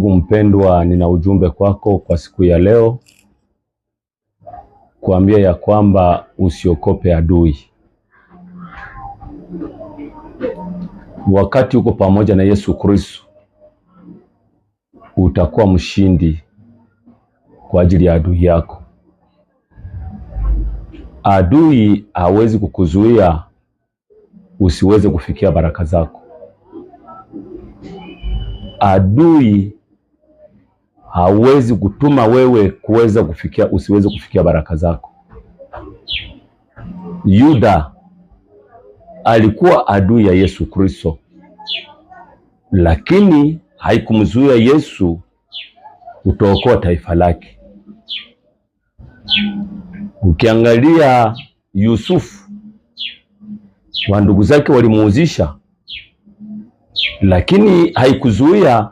Ndugu mpendwa, nina ujumbe kwako kwa siku ya leo, kuambia ya kwamba usiokope adui. Wakati uko pamoja na Yesu Kristo, utakuwa mshindi kwa ajili ya adui yako. Adui hawezi kukuzuia usiweze kufikia baraka zako. Adui hauwezi kutuma wewe kuweza kufikia, usiweze kufikia baraka zako. Yuda alikuwa adui ya Yesu Kristo, lakini haikumzuia Yesu kutookoa taifa lake. Ukiangalia Yusufu, wandugu zake walimuuzisha, lakini haikuzuia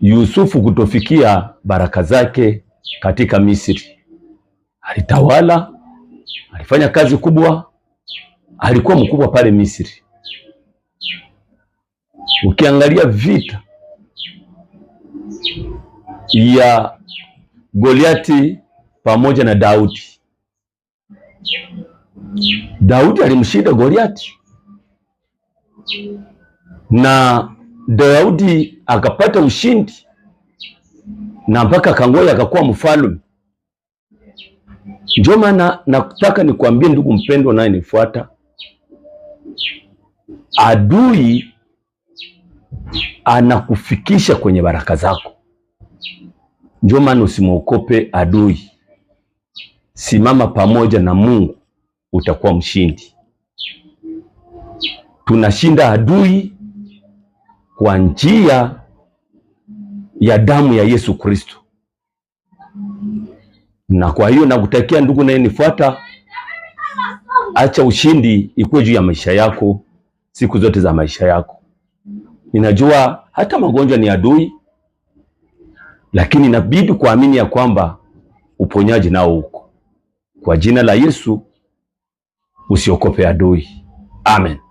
Yusufu kutofikia baraka zake katika Misri. Alitawala, alifanya kazi kubwa, alikuwa mkubwa pale Misri. Ukiangalia vita ya Goliati pamoja na Daudi, Daudi alimshinda Goliati na Daudi akapata ushindi na mpaka Kangoya akakuwa mfalme. Ndio maana nataka nikwambie ndugu mpendwa, naye nifuata, adui anakufikisha kwenye baraka zako. Ndio maana usimwokope adui, simama pamoja na Mungu, utakuwa mshindi. Tunashinda adui kwa njia ya damu ya Yesu Kristo. Na kwa hiyo nakutakia ndugu naye nifuata, acha ushindi ikuwe juu ya maisha yako siku zote za maisha yako. Ninajua hata magonjwa ni adui, lakini inabidi kuamini ya kwamba uponyaji nao uko. Kwa jina la Yesu, usiokope adui. Amen.